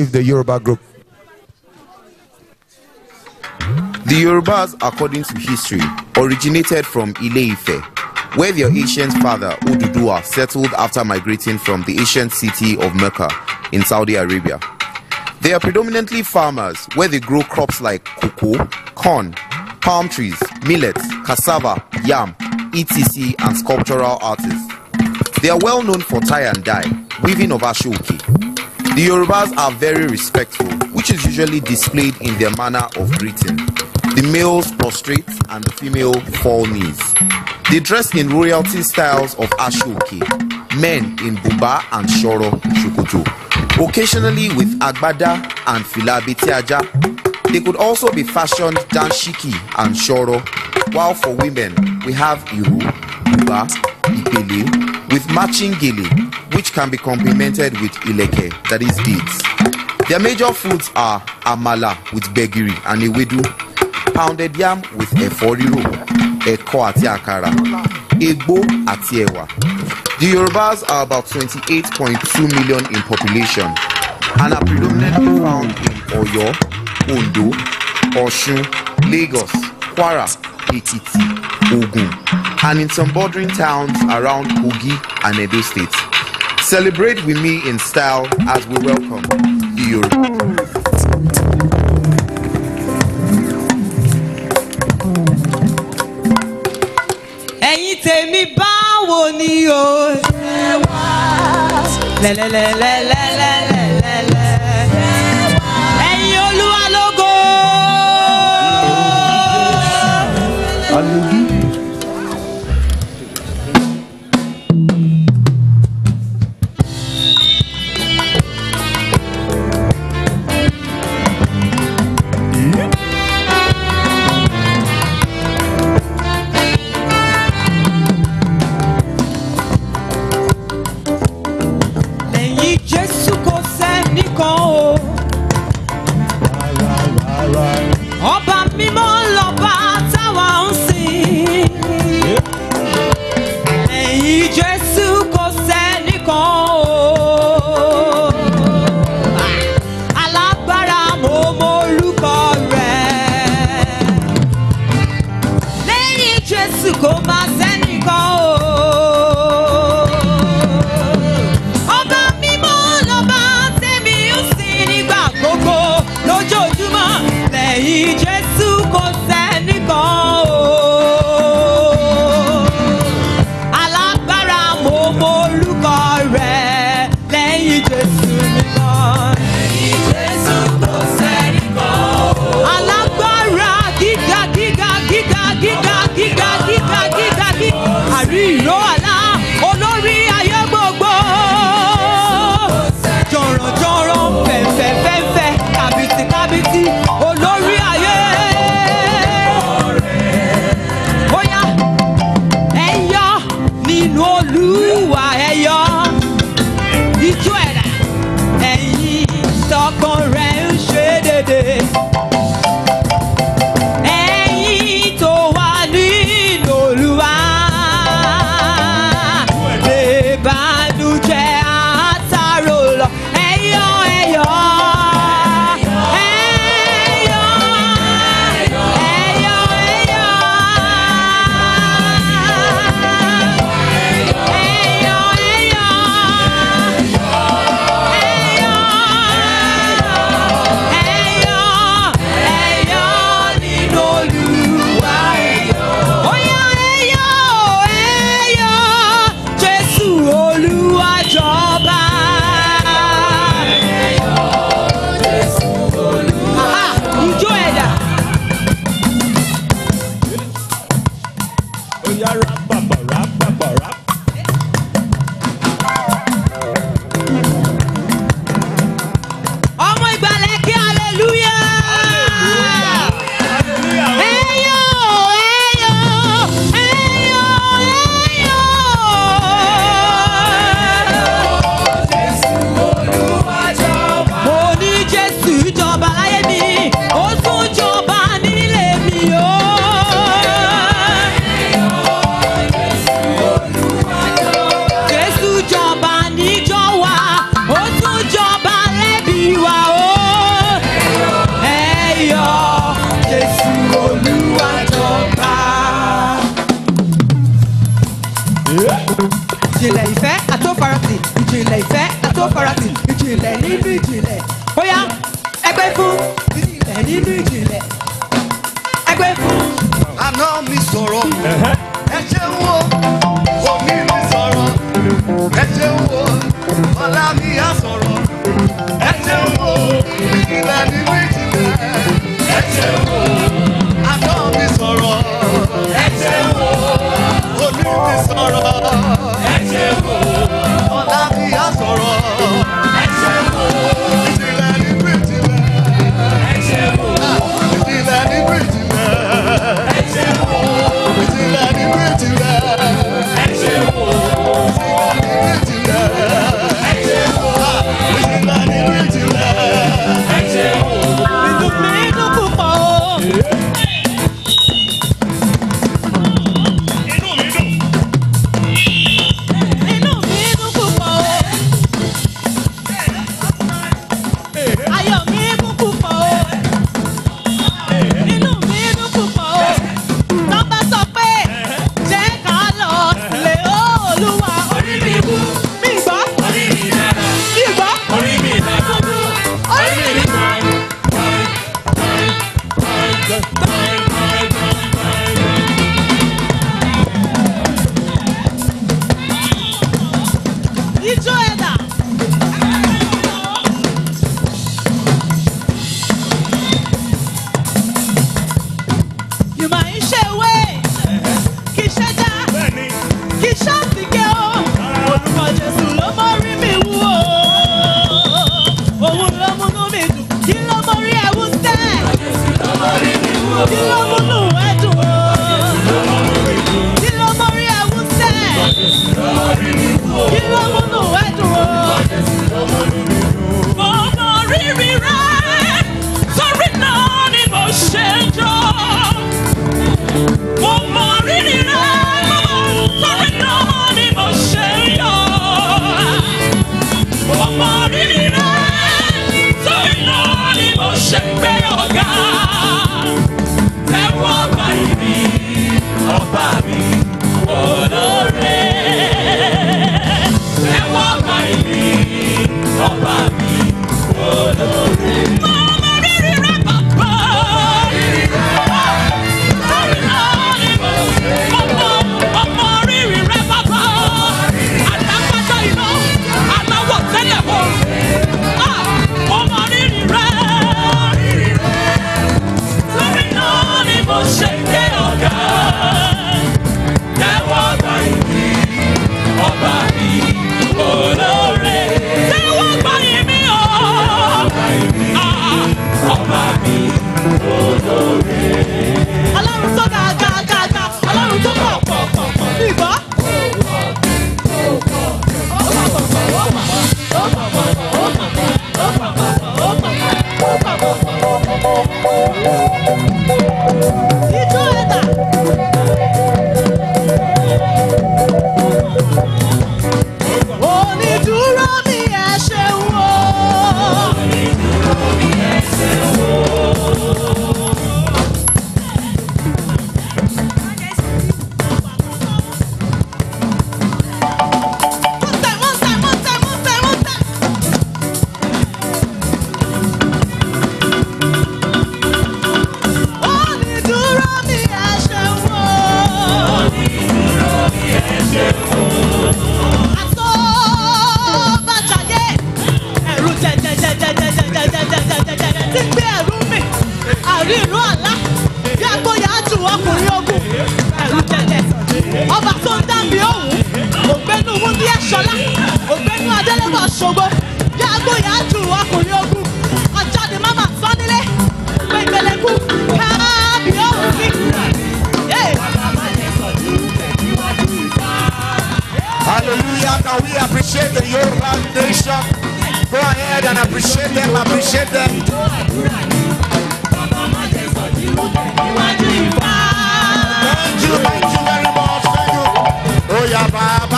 the Yoruba group? The Yorubas, according to history, originated from Ile-Ife, where their ancient father Ududua settled after migrating from the ancient city of Mecca in Saudi Arabia. They are predominantly farmers where they grow crops like cocoa, corn, palm trees, millet, cassava, yam, etc. and sculptural artists. They are well known for tie and dye, weaving of ashoke, the Yorubas are very respectful, which is usually displayed in their manner of greeting. The males prostrate and the female fall knees. They dress in royalty styles of Ashoke, men in buba and shoro shukutu, occasionally with agbada and filabitiaja. They could also be fashioned danshiki and shoro, while for women we have iru, buba, ipele, with matching gili which can be complemented with ileke, that is dates. Their major foods are amala with begiri and ewedu, pounded yam with ẹ̀fọ́ ẹ̀kọ́ àti àkàrà, egbò àti ẹ̀wà. The Yorubas are about 28.2 million in population and are predominantly found in Oyo, Ondo, Osun, Lagos, Kwara, Ekiti, Ogun, and in some bordering towns around Kogi and Edo states. Celebrate with me in style as we welcome the Yoruba. ẹ̀yin tèmi báwo ni o. lẹ́lẹ́lẹ́lẹ́lẹ́lẹ́. lẹ́yìn Jésù kò sẹ́nìkan o. alágbára mo mọ orúkọ rẹ̀ lẹ́yìn Jésù nìkan. lẹ́yìn Jésù kò sẹ́nìkan o. alágbára gíga gíga gíga gíga gíga gíga gíga gíga àrí ìró àti. a rap, baba, rap. ìjìnlẹ̀ ìfẹ́ àtòkọ́ra tì ìjìnlẹ̀ nínú ìjìnlẹ̀ bóyá ẹgbẹ́ fún ìjìnlẹ̀ nínú ìjìnlẹ̀. kí ló múnú God. tó Hallelujah, we appreciate the Yoruba nation? Go ahead and appreciate them, appreciate them. iwájú ìfà. thank you thank you very much thank you. ó oh, yá